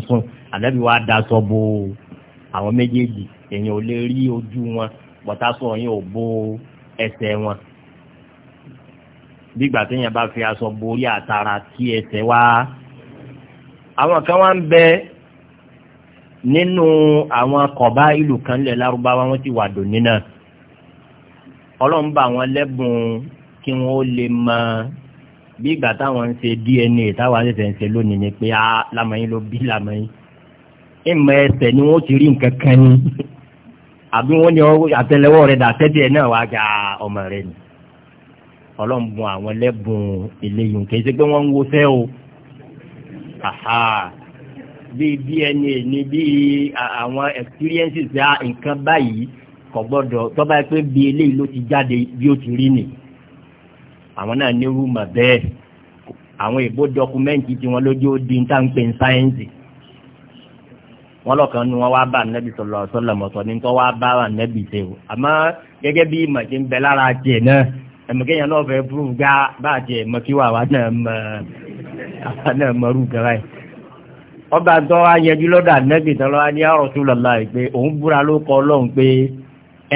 sùn ànábì wa daṣọ bo àwọn méjèèjì èèyàn ò lè rí ojú wọn bọ̀tásọ yẹn ò bo ẹsẹ̀ wọn bí gbàtí yẹn bá fi aṣọ borí àtàrà tí ẹsẹ̀ wá àwọn kan wá ń bẹ nínú àwọn kọ̀bá ìlú kan lẹ̀ lárúbáwá wọn ti wà dòní náà ọlọ́run bá wọn lẹ́bùn kí wọ́n lè máa bí ìgbà táwọn ń ṣe DNA táwọn àṣẹṣẹ ń ṣe lónìí ni pé á lamọyin ló bí lamọyin ìmọ̀ ẹsẹ̀ ni wọ́n ti rí nǹkan kan ni àbí wọ́n ní àtẹ́lẹwọ́ rẹ̀ dà tẹ́tẹ́ ẹ̀ náà wá gba ọmọ rẹ̀ ni ọlọ́mbùn àwọn lẹ́bùn eléyìí kì í ṣe pé wọ́n ń wo fẹ́ o bíi DNA ni bíi àwọn experiences ya nǹkan báyìí kò gbọ́dọ̀ tó bá pé bíi eléyìí ló ti jáde bí ó ti rí nì àwọn náà ní rúmọ̀ bẹ́ẹ̀ àwọn èbó dọkumẹ́ǹtì tí wọ́n lójú ó di níta ń pè ní sáyẹ́ǹsì wọ́n lọ́kàn nu wọn wá bá nẹ́bí sọ̀lọ̀ sọ̀lọ̀ mọ̀tọ́ ní tọ́ wá bá wà nẹ́bí ṣe o àmọ́ gẹ́gẹ́ bí ìmọ̀ ṣe ń bẹ lára tiẹ̀ náà ẹ̀mọ̀kẹ́yìn náà fẹ́ búrú gá bá tiẹ̀ mọ̀ kí wà wá náà mọ̀ àwa náà mọ̀ rú gẹ́rẹ́ ọba tó wá yẹjú lọ́dọ̀ ànẹ́bí tọ́lọ́ wá ní ọ̀rọ̀ tó lọ́la rẹ̀ pé òun búra ló kọ ọlọ́run pé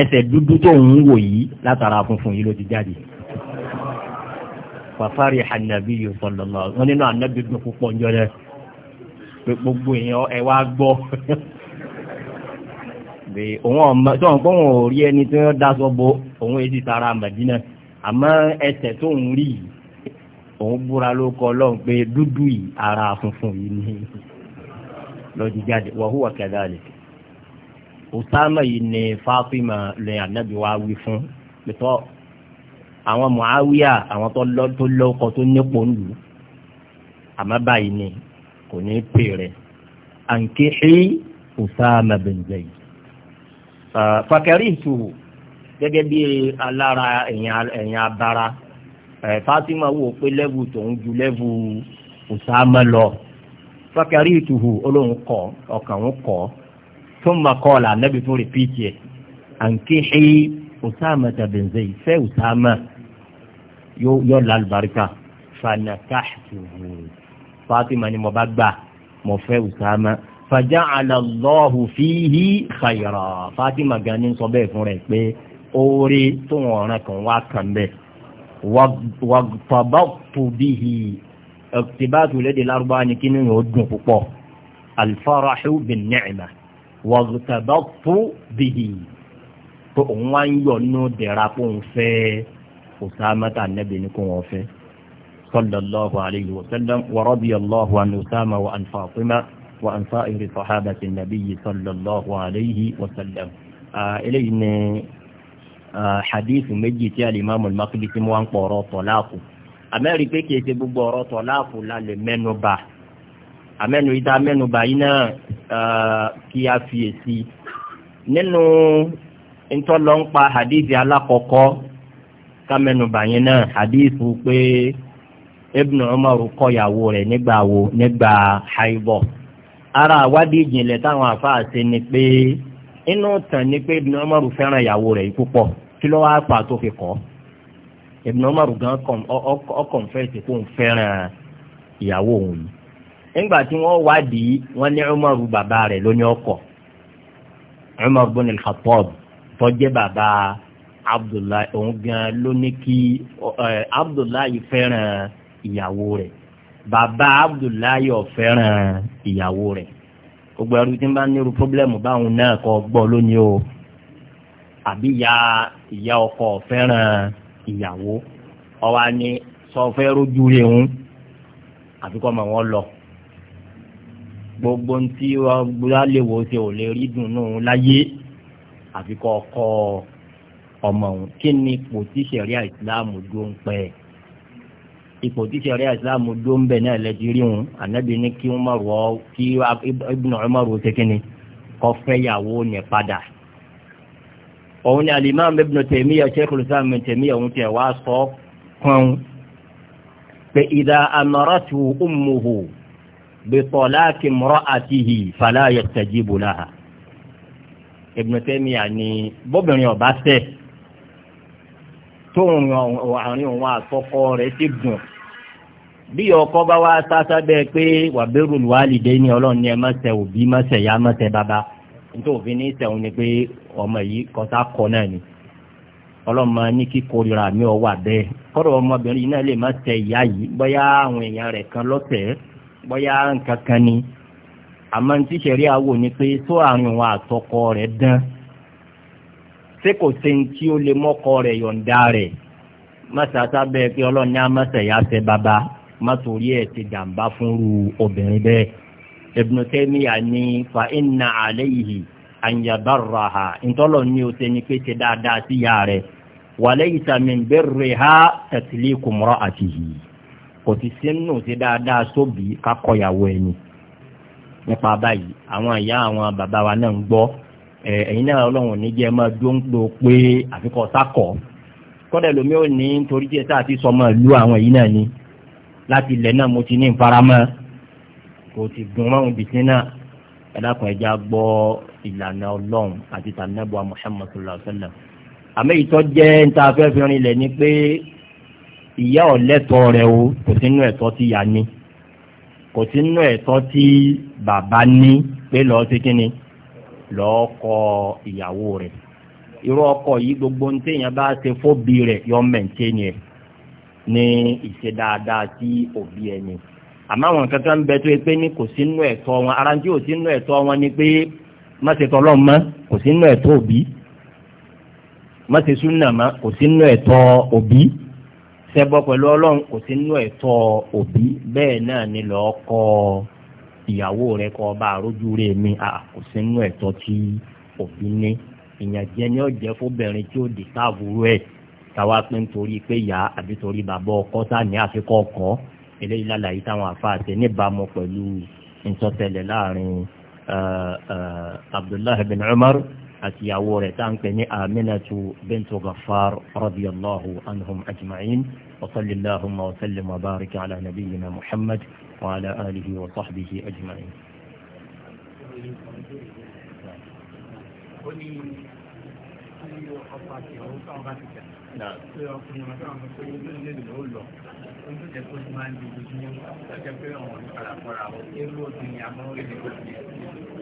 ẹsẹ̀ dúdú tó ń wò yìí látara funfun yìí ló ti jáde fàfárí ànàbí yìí sọ̀lọ̀lọ̀ wọn nínú ànàbí dùn púpọ̀ ń jọlẹ̀ pé gbogbo èèyàn ẹ wá gbọ́ pé òun ọmọ tó ń pọ́n ò rí ẹni tí wọ́n dá sọ bo òun èsì tara màdínà àmọ́ ẹsẹ̀ tó ń rí yìí òun búra ló kọ lọ́hùn pé dúdú yìí ara funfun yìí ni lọ́dí jáde wàhùwà kẹ́dàlẹ̀ Usama yìí ni Fátímà lẹ́yìn ànàbí wa wí fún pẹ̀tọ́ àwọn muawiya àwọn tó lọ tó lọkọ tó nípò ń lù àmọ́ báyìí ni kò ní pè rẹ̀ ànkìhí usama bin zayd fakari tu, gẹ́gẹ́ bí alára ẹ̀yìn abara fatima wo pé lẹ́bù tòun ju lẹ́bù usama lọ fakari tu olóhùn kọ ọkàn ń kọ tó ma kọ́ la nẹ́bi tó rìpíìtì ẹ̀ ànkìhí usama bin zayd fẹ́ usama yóò lálùbáríkà fanakahtuhu fatima ni mo bá gbà mo fẹ́ usama faja'ala Allahu fihi khayra fatima gan ni sọ bẹ́ẹ̀ fún rẹ̀ pé oore tó wọn ọ̀ràn kan wá kàn bẹ́ẹ̀ wàgbàbàtò bihi ọ̀tìbàtò lédè lárúbáwá ni kí ni yóò dùn púpọ̀ alfarahu bin ni'ma wàgbàbàtò bihi pé òun yọ̀ nínú dẹ̀ra pé òun fẹ́ẹ́ usama tá nẹ́bi ní kó wọn fẹ́ sallallahu alayhi wa sallam wa radiyallahu an usama wa an fatima wa an sa'iri sahabati nabiyyi sallallahu alayhi wa sallam. eléyìí ni hadith méjì tí alimami makili ti mú wa ń pọ̀ ọ̀rọ̀ tọ́láàkù amẹ́rin pé kìí ṣe gbogbo ọ̀rọ̀ la lè mẹ́nu bà amẹ́nu yìí tá mẹ́nu bà yìí náà kí a fiyèsí nínú hadith alákọ̀ọ́kọ́ kámẹ́nubà yẹn náà hadithu pé ibn umar kọyàwó rẹ̀ nígbà wo nígbà haibọ̀ ara àwádìí ìjìnlẹ̀ táwọn àfáà ṣe ni pé inú tàn ni pé ibn umar fẹ́ràn ìyàwó rẹ̀ púpọ̀ kí ló wáá pa tó fi kọ́ ibn umar gan ọkọ̀nfẹ́sì kó ń fẹ́ràn ìyàwó òun nígbà tí wọ́n wádìí wọ́n ní umar bàbá rẹ̀ ló ọkọ̀ umar bin al-khattab tó jẹ́ bàbá rẹ̀ abdullahi òun gan ló ní kí abdullahi fẹ́ràn ìyàwó rẹ̀ bàbá abdullahi ò fẹ́ràn ìyàwó rẹ̀ gbogbo ẹrú tí ń bá nírú pọ́blẹ́mù báwọn náà kọ́ gbọ́ lónìí o àbí ìyá ìyá ọkọ fẹ́ràn ìyàwó ọwa ni sọ fẹ́ rójú rẹ̀ ń àfi kọ́ mọ̀ wọ́n lọ gbogbo ntí wọn gbúdá lè wò ó ṣe ò lè rí dùn láyé àfi kọ́ ọkọ ọmọ òun kí ni ipò tí sẹ̀ríà ìsìláàmù dó ń pẹ́ ẹ̀ ipò tí sẹ̀ríà ìsìláàmù dó ń bẹ̀ náà lẹ́jì rí wọn ànábì ní kí wọ́n máa rọ kí Ibn Umar ṣe kí ni kọ́ fẹ́yàwó ní padà. òun ni al-Imam Ibn Taymiyyah Shaykhul Islam Ibn òun tiẹ̀ wá sọ kàn pé idha amaratu ummuhu bi talaqi imra'atihi fala yastajibu laha Ibn Taymiyyah ni bóbìnrin ọ̀bá sẹ́ẹ̀ tó àárín òun àtọkọ rẹ̀ ti gùn bí ọkọ bá wá sáásá bẹ́ẹ̀ pé wàbẹ́rù lùwálìdé ní ọlọ́run ni ẹ má ṣe òbí má ṣe ìyá bàbá nítorí òfin ní sẹ̀wọ̀n ni pé ọmọ yìí kọta kọ náà ni ọlọ́mọ ní kíkorira mi ò wà bẹ́ẹ̀ kọ́dọ̀ ọmọbìnrin yìí náà lè má ìyá yìí bóyá àwọn èèyàn kan bóyá nǹkan kan ni ní àwò ni pé tó àárín òun àtọkọ dán ṣé kò ṣe ń tí ó lè mọ́kọ rẹ̀ yọ̀ǹda rẹ̀ mọ́sà sábẹ́ pé ọlọ́run ní amọ́sẹ̀ yá ṣe bàbá má torí ẹ̀ ti dàmbá fúnru obìnrin bẹ́ẹ̀ Ibn Taymiyyah ní fa inna alayhi an yabarraha ntọ́lọ̀ ní o ṣe ni pé ṣe dáadáa sí ìyá rẹ̀ wa ha min birriha tatliqu kò ti dáadáa sóbì kakọ̀yàwó ẹni nípa báyìí àwọn ìyá àwọn bàbá wa náà ẹ̀yin náà ọlọ́run ní jẹ́ máa dó ń pò pé àfikọ́ sákọ̀ kọ́dẹ̀ lómi ò ní torí jẹ́ sáà ti sọ máa lu àwọn èyí náà ni láti ilẹ̀ náà mo ti ní ìfaramọ́ kò ti gun mọ́rùn bìtín náà ẹ̀dàkùn ẹja gbọ́ ìlànà ọlọ́run àti tànàbọ̀ Muhammad sallallahu alaihi wasallam àmì ìtọ́ jẹ́ níta afẹ́fẹ́ rinlẹ̀ ni pé ìyá ọ̀lẹ́tọ̀ rẹ̀ o kò sínú ẹ̀tọ́ tí ìyá ní kò sínú ẹ̀tọ́ tí bàbá ní pé lọ́ọ́ sí kínni. lọ kọ ìyàwó rẹ̀ irú ọkọ yìí gbogbo ní téèyàn bá ṣe fóbi rẹ̀ yọ mẹ̀ntẹ́ni ẹ̀ ní ìṣe dáadáa sí òbí ẹni àmọ́ àwọn nǹkan ń bẹ tó yẹ pé ní kò ẹ̀tọ́ wọn ara tí ò sínú ẹ̀tọ́ wọn ni pé má ṣe tọ́lọ́ mọ́ kò ẹ̀tọ́ òbí má ṣe kò ẹ̀tọ́ òbí pẹ̀lú ọlọ́run kò ẹ̀tọ́ òbí bẹ́ẹ̀ náà ni lọ́ọ́ kọ́ ìyàwó rẹ kọ́ ọba àrójú rẹ mi kò sínú ẹ̀tọ́ tí òbí ní ìyànjẹ ni ó jẹ fóbìnrin tí ó di sáàbùrú ẹ táwa pé nítorí pé ìyá àbí torí bàbá ọkọ tá ní àfikọ ọkọ eléyìí lálàyé táwọn àfàṣe níbàámu pẹ̀lú ìtọ́tẹ̀lẹ̀ láàrin eh, eh, Abdullahi bin Umar àtìyàwó rẹ̀ tá à ń pè ní aminatu bintu gafar radiyallahu anhum ajma'in wa sallallahu wa sallim wa barika ala nabiyyina muhammad wa ala alihi wa sahbihi ajma'in.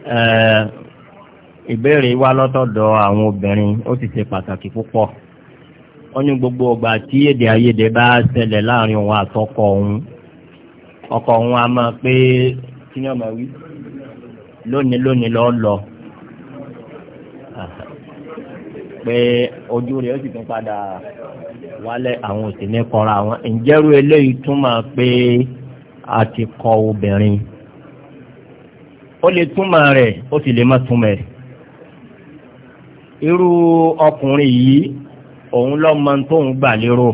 Uh, ìbéèrè wa lọ́tọ̀dọ̀ àwọn obìnrin ó sì ṣe pàtàkì púpọ̀ ó ní gbogbo ọgbà tí èdè àìyedè bá ṣẹlẹ̀ láàrin òun àtọkọ òun ọkọ òun a máa pé kí ni ọmọ wí lónìí lónìí lọ lọ pé ojú rẹ̀ ó sì tún padà wálẹ̀ àwọn òsì ní kọra àwọn ìjẹ́rú eléyìí túmọ̀ pé a ti kọ obìnrin ó lè túmọ̀ rẹ̀ ó sì lè má túmọ̀ rẹ̀ irú ọkùnrin yìí òun lọ́mọ tóun gbà lérò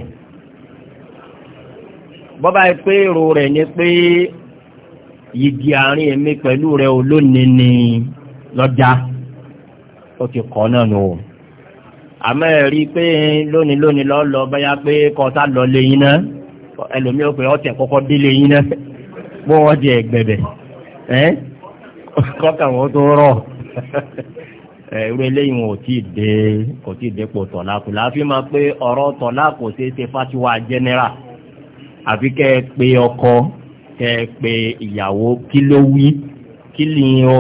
bọ́bá pé èrò rẹ̀ ni pé yìgì àárín èmi pẹ̀lú rẹ̀ olónìí ni lọ́jà ó ti kọ́ náà nù o àmọ́ ẹ̀ pé lónìí lónìí lọ́ lọ báyà pé kọ́tà lọ lẹ́yìn náà ẹlòmíì ó pè ọ́ kọ́kọ́ dé lẹ́yìn náà bó wọ́n jẹ ẹgbẹ̀bẹ̀ ẹ́ kọ́kà wọ́n tó rọ̀ irú eléyìí wọn ò tí ì dé kò tí ì dépò tọ̀láàkù láàfin máa pé ọ̀rọ̀ tọ̀láàkù ṣe é ṣe fásiwá jẹ́nẹ́rà àfi kẹ́ ẹ pé ọkọ kẹ́ ẹ pé ìyàwó kí ló wí kí ni ó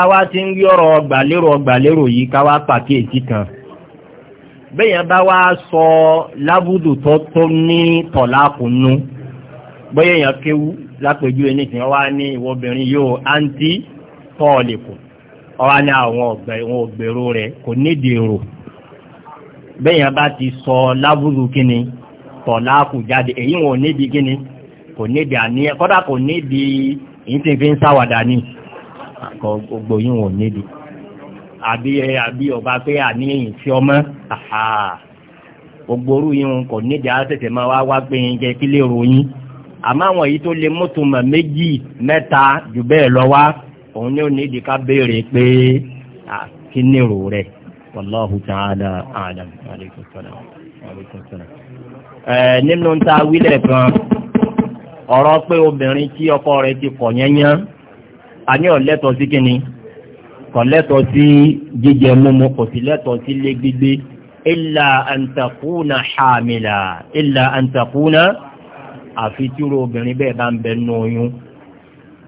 a wá ti ń rí ọ̀rọ̀ ọgbà lérò ọgbà lérò yìí ká wá pàkíyèsí kan bẹ́ẹ̀ yẹn bá wá sọ lábùdù tó tó ní tọ̀láàkù nú. bóyá èèyàn kéwú lápèjú ẹni tí wọ́n wá ní ìwọ́bìnrin yóò áńtí pọ́ọ̀lì kù ọwá ní àwọn ògbèrò rẹ̀ kò nídìí èrò bẹ́yàn bá ti sọ lábúrú kíni tọ̀láàkù jáde èyí wọn ò nídìí kíni kò nídìí àní kọ́dà kò nídìí èyí tí fi ń sáwàdà ní gbogbo yìí wọn ò nídìí àbí àbí ọba pé fi ọmọ gbogbo orú yìí wọn kò nídìí á máa àmọ́ àwọn èyí tó lè mọ́tò mọ̀ méjì mẹ́ta jù bẹ́ẹ̀ lọ wá òun ní òní ìdíkà béèrè pé kí ni rò rẹ̀ wàláhù tààdà àdàm nínú ta wílẹ̀ kan ọ̀rọ̀ pé obìnrin tí ọkọ rẹ̀ ti kọ̀ yẹnyán a ní ọ̀lẹ́tọ̀ sí kíni kọ̀ lẹ́tọ̀ sí jíjẹ múmu kò sí lẹ́tọ̀ sí lé gbígbé illa an takuna hamila illa àfi tíro obìnrin bẹ́ẹ̀ bá ń bẹ nú oyún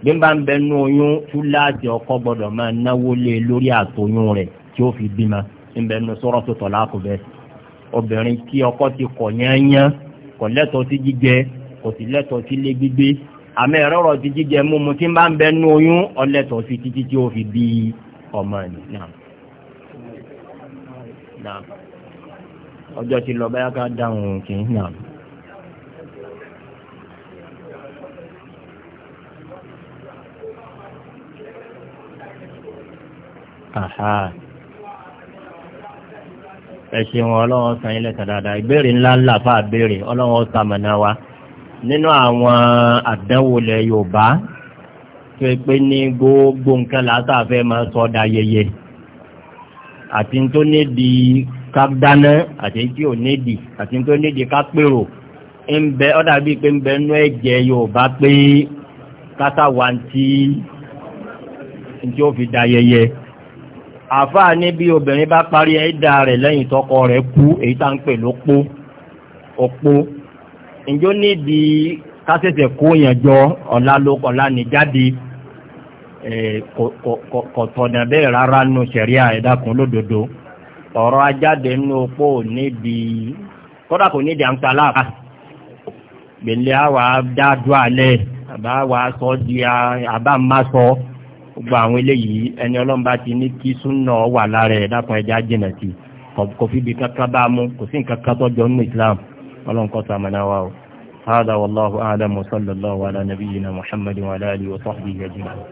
bí ń bá ń bẹ nú oyún túláàsì ọkọ gbọdọ̀ máa náwó lé lórí àtọyún rẹ̀ tí ó fi bímọ ń bẹ nú sọ́rọ́ tó tọ̀lá kò bẹ́ẹ̀ obìnrin tí ọkọ ti kọ̀ yányán kò lẹ́tọ̀ọ́ sí jíjẹ kò sì lẹ́tọ̀ọ́ sí lé gbígbé àmì ẹ̀rọ̀rọ̀ ti jíjẹ múmu tí ń bá ń bẹ nú oyún ọlẹ́tọ̀ọ́ sí títí tí ó fi bí ọmọ nìyàn ọjọ́ ti lọ báyá ká dáhùn kìí náà ẹ̀sìn wọn ọlọ́wọ́ san ilẹ̀ sàdáadà ìbéèrè ńlá ńlá fà béèrè ọlọ́wọ́ sàmànà wa nínú àwọn àdánwò lẹ̀ yorùbá tó yẹ pé ní gbogbo nǹkan látàfẹ́ máa sọ ọ́dà yẹyẹ àti tó nídi ká dáná àti tí ò nídi àti tó nídi ká pèrò ń bẹ ọ́dà bíi pé ń bẹ nú ẹ̀jẹ̀ yorùbá pé kátàwá ti ó fi da yẹyẹ àfáà ní bí obìnrin bá parí ẹ̀dà rẹ̀ lẹ́yìn tọkọ rẹ̀ kú èyí tá ń pè lópó òpó ìjọ níbi kásẹ̀sẹ̀ kó yẹn jọ ọ̀la ló kọ̀la ní jáde kò tọ̀nà bẹ́ẹ̀ rárá nù sẹ̀ríà ẹ̀dàkùn lódodo ọ̀rọ̀ ajáde nínú òpó níbi kódà kò nídìí à ń gbèlè àwa dá alẹ́ àbá wa sọ di àbá má sọ. So gbogbo àwọn eléyìí ẹni ọlọ́mba ti ní kí súnà wà lára ẹ̀ dákun ẹja jìnà sí kò fi ibi kankan bá mú kò sí nǹkan kan tọ́jọ́ nínú Islam ọlọ́nkọ́ sàmánà wa o. هذا والله أعلم وصلى الله على نبينا محمد وعلى آله وصحبه أجمعين